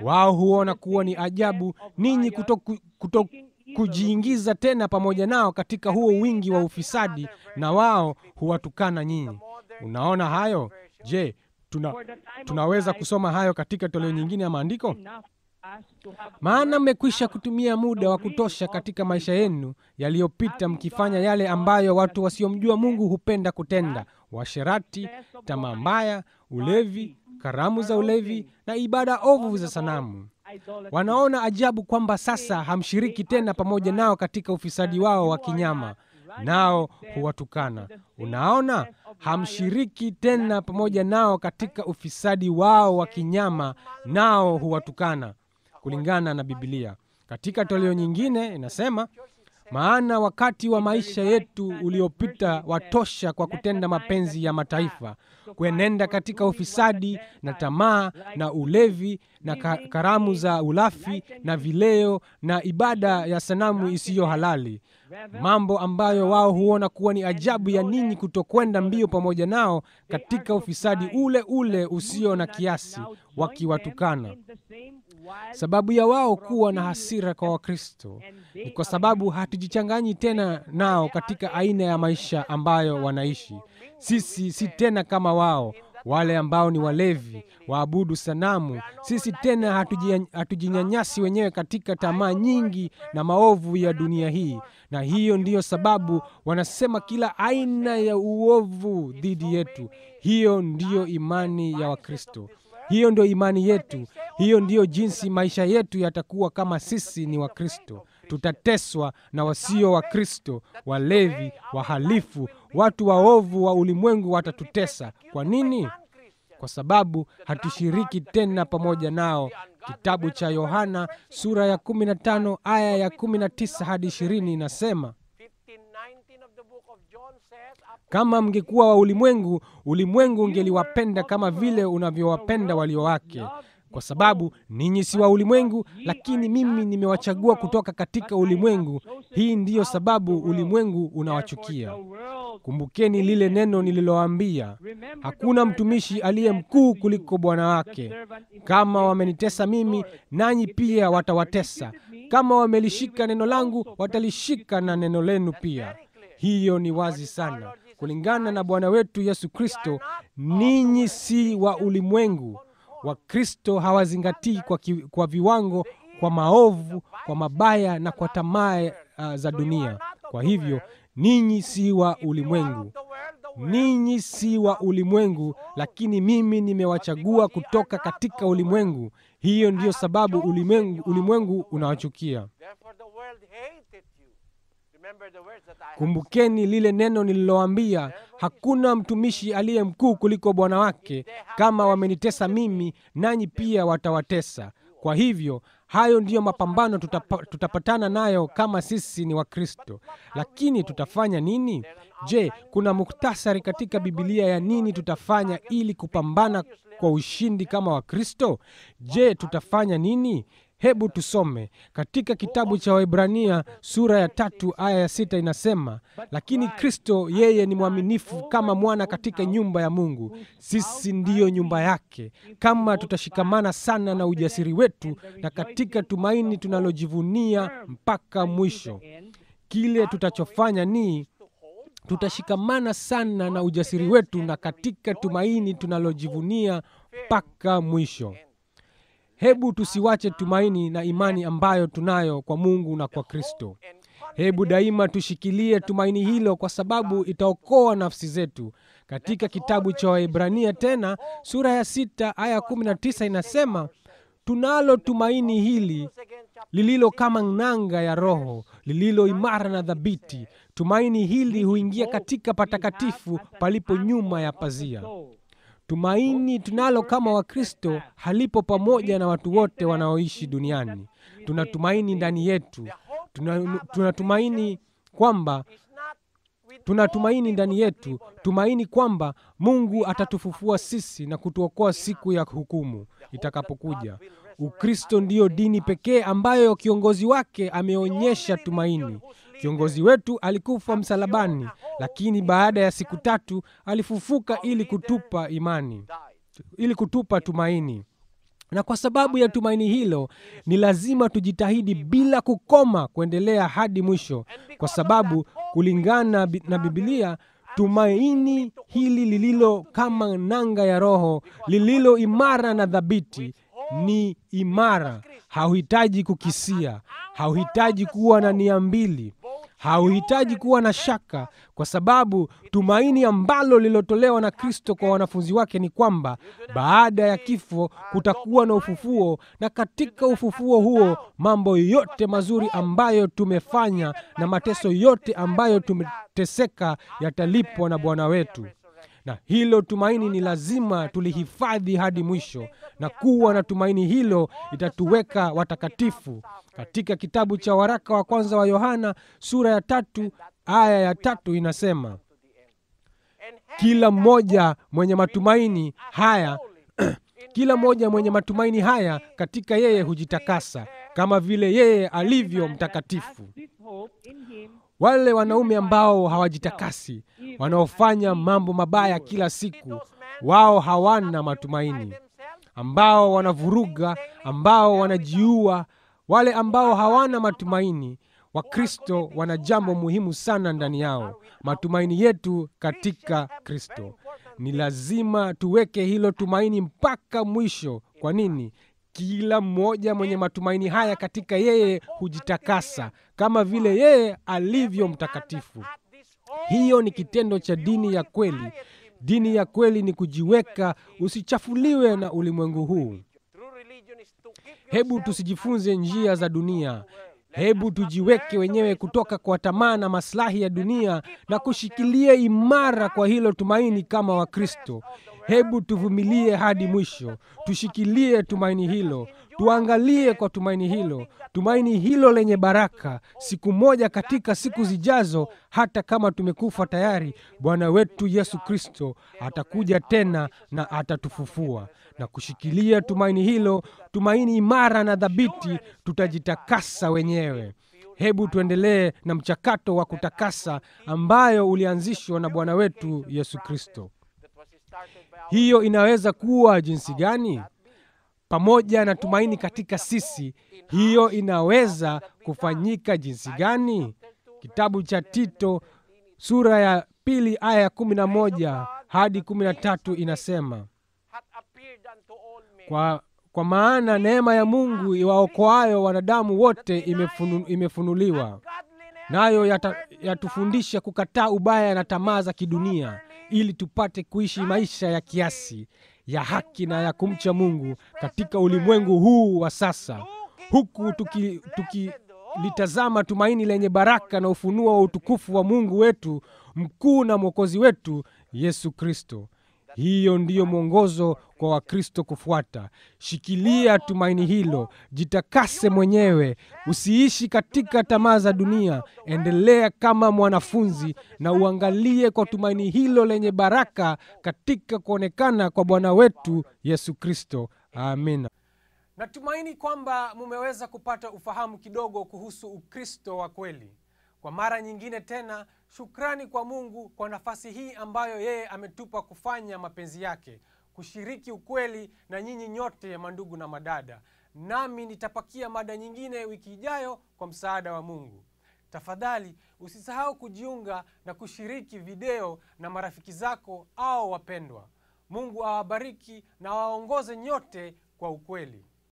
Wao huona kuwa ni ajabu ninyi kutokujiingiza kuto tena pamoja nao katika huo wingi wa ufisadi, na wao huwatukana nyinyi. Unaona hayo? Je, tuna, tunaweza kusoma hayo katika toleo nyingine ya maandiko? Maana mmekwisha kutumia muda wa kutosha katika maisha yenu yaliyopita mkifanya yale ambayo watu wasiomjua Mungu hupenda kutenda: uasherati, tamaa mbaya, ulevi, karamu za ulevi na ibada ovu za sanamu. Wanaona ajabu kwamba sasa hamshiriki tena pamoja nao katika ufisadi wao wa kinyama, nao huwatukana. Unaona, hamshiriki tena pamoja nao katika ufisadi wao wa kinyama, nao huwatukana, kulingana na Biblia. Katika toleo nyingine inasema maana wakati wa maisha yetu uliopita watosha kwa kutenda mapenzi ya mataifa, kuenenda katika ufisadi na tamaa na ulevi na karamu za ulafi na vileo na ibada ya sanamu isiyo halali, mambo ambayo wao huona kuwa ni ajabu ya ninyi kutokwenda mbio pamoja nao katika ufisadi ule ule usio na kiasi, wakiwatukana Sababu ya wao kuwa na hasira kwa Wakristo ni kwa sababu hatujichanganyi tena nao katika aina ya maisha ambayo wanaishi. Sisi si tena kama wao wale ambao ni walevi, waabudu sanamu. Sisi tena hatujinyanyasi wenyewe katika tamaa nyingi na maovu ya dunia hii, na hiyo ndiyo sababu wanasema kila aina ya uovu dhidi yetu. Hiyo ndiyo imani ya Wakristo. Hiyo ndio imani yetu, hiyo ndiyo jinsi maisha yetu yatakuwa kama sisi ni Wakristo. Tutateswa na wasio wa Kristo, walevi, wahalifu, watu waovu wa ulimwengu watatutesa. Kwa nini? Kwa sababu hatushiriki tena pamoja nao. Kitabu cha Yohana sura ya 15 aya ya 19 hadi 20 inasema kama mngekuwa wa ulimwengu, ulimwengu ungeliwapenda kama vile unavyowapenda walio wake. Kwa sababu ninyi si wa ulimwengu, lakini mimi nimewachagua kutoka katika ulimwengu. Hii ndiyo sababu ulimwengu unawachukia. Kumbukeni lile neno nililowaambia, hakuna mtumishi aliye mkuu kuliko bwana wake. Kama wamenitesa mimi, nanyi pia watawatesa. Kama wamelishika neno langu, watalishika na neno lenu pia. Hiyo ni wazi sana. Kulingana na Bwana wetu Yesu Kristo, ninyi si wa ulimwengu. Wakristo hawazingatii kwa, kwa viwango, kwa maovu, kwa mabaya na kwa tamaa uh, za dunia. Kwa hivyo ninyi si wa ulimwengu, ninyi si wa ulimwengu, lakini mimi nimewachagua kutoka katika ulimwengu. Hiyo ndiyo sababu ulimwengu, ulimwengu unawachukia. Kumbukeni lile neno nililoambia, hakuna mtumishi aliye mkuu kuliko bwana wake. Kama wamenitesa mimi, nanyi pia watawatesa. Kwa hivyo hayo ndiyo mapambano tutapa, tutapatana nayo kama sisi ni Wakristo. Lakini tutafanya nini? Je, kuna muktasari katika Bibilia ya nini tutafanya ili kupambana kwa ushindi kama Wakristo? Je, tutafanya nini? Hebu tusome katika kitabu cha Waibrania sura ya tatu aya ya sita inasema, lakini Kristo yeye ni mwaminifu kama mwana katika nyumba ya Mungu. Sisi ndiyo nyumba yake, kama tutashikamana sana na ujasiri wetu na katika tumaini tunalojivunia mpaka mwisho. Kile tutachofanya ni tutashikamana sana na ujasiri wetu na katika tumaini tunalojivunia mpaka mwisho. Hebu tusiwache tumaini na imani ambayo tunayo kwa Mungu na kwa Kristo. Hebu daima tushikilie tumaini hilo, kwa sababu itaokoa nafsi zetu. Katika kitabu cha waibrania tena sura ya sita aya kumi na tisa inasema tunalo tumaini hili lililo kama nanga ya roho, lililo imara na dhabiti. Tumaini hili huingia katika patakatifu palipo nyuma ya pazia. Tumaini tunalo kama Wakristo halipo pamoja na watu wote wanaoishi duniani. Tunatumaini ndani yetu, tunatumaini kwamba tunatumaini ndani yetu, tumaini kwamba Mungu atatufufua sisi na kutuokoa siku ya hukumu itakapokuja. Ukristo ndiyo dini pekee ambayo kiongozi wake ameonyesha tumaini. Kiongozi wetu alikufa msalabani, lakini baada ya siku tatu alifufuka ili kutupa imani, ili kutupa tumaini. Na kwa sababu ya tumaini hilo, ni lazima tujitahidi bila kukoma kuendelea hadi mwisho, kwa sababu kulingana na Biblia tumaini hili lililo kama nanga ya roho, lililo imara na dhabiti, ni imara. Hauhitaji kukisia, hauhitaji kuwa na nia mbili, hauhitaji kuwa na shaka, kwa sababu tumaini ambalo lililotolewa na Kristo kwa wanafunzi wake ni kwamba baada ya kifo kutakuwa na ufufuo, na katika ufufuo huo mambo yote mazuri ambayo tumefanya na mateso yote ambayo tumeteseka yatalipwa na Bwana wetu na hilo tumaini ni lazima tulihifadhi hadi mwisho, na kuwa na tumaini hilo itatuweka watakatifu. Katika kitabu cha waraka wa kwanza wa Yohana sura ya tatu aya ya tatu inasema, kila mmoja mwenye matumaini haya kila mmoja mwenye matumaini haya katika yeye hujitakasa kama vile yeye alivyo mtakatifu wale wanaume ambao hawajitakasi, wanaofanya mambo mabaya kila siku, wao hawana matumaini, ambao wanavuruga, ambao wanajiua, wale ambao hawana matumaini. Wakristo wana jambo muhimu sana ndani yao, matumaini yetu katika Kristo. Ni lazima tuweke hilo tumaini mpaka mwisho. Kwa nini? Kila mmoja mwenye matumaini haya katika yeye hujitakasa kama vile yeye alivyo mtakatifu. Hiyo ni kitendo cha dini ya kweli. Dini ya kweli ni kujiweka, usichafuliwe na ulimwengu huu. Hebu tusijifunze njia za dunia. Hebu tujiweke wenyewe kutoka kwa tamaa na maslahi ya dunia na kushikilia imara kwa hilo tumaini kama Wakristo. Hebu tuvumilie hadi mwisho, tushikilie tumaini hilo, tuangalie kwa tumaini hilo, tumaini hilo lenye baraka, siku moja katika siku zijazo, hata kama tumekufa tayari, Bwana wetu Yesu Kristo atakuja tena na atatufufua. Na kushikilia tumaini hilo, tumaini imara na dhabiti, tutajitakasa wenyewe. Hebu tuendelee na mchakato wa kutakasa ambayo ulianzishwa na Bwana wetu Yesu Kristo. Hiyo inaweza kuwa jinsi gani? Pamoja na tumaini katika sisi, hiyo inaweza kufanyika jinsi gani? Kitabu cha Tito sura ya pili aya ya kumi na moja hadi kumi na tatu inasema kwa, kwa maana neema ya Mungu iwaokoayo wanadamu wote imefunu, imefunuliwa nayo yatufundisha yata kukataa ubaya na tamaa za kidunia ili tupate kuishi maisha ya kiasi ya haki na ya kumcha Mungu katika ulimwengu huu wa sasa, huku tukilitazama tuki tumaini lenye baraka na ufunuo wa utukufu wa Mungu wetu mkuu na mwokozi wetu Yesu Kristo. Hiyo ndiyo mwongozo kwa Wakristo kufuata. Shikilia tumaini hilo, jitakase mwenyewe, usiishi katika tamaa za dunia. Endelea kama mwanafunzi na uangalie kwa tumaini hilo lenye baraka katika kuonekana kwa Bwana wetu Yesu Kristo. Amina. Natumaini kwamba mumeweza kupata ufahamu kidogo kuhusu Ukristo wa kweli. Kwa mara nyingine tena, shukrani kwa Mungu kwa nafasi hii ambayo yeye ametupa kufanya mapenzi yake kushiriki ukweli na nyinyi nyote mandugu na madada, nami nitapakia mada nyingine wiki ijayo kwa msaada wa Mungu. Tafadhali usisahau kujiunga na kushiriki video na marafiki zako au wapendwa. Mungu awabariki na awaongoze nyote kwa ukweli.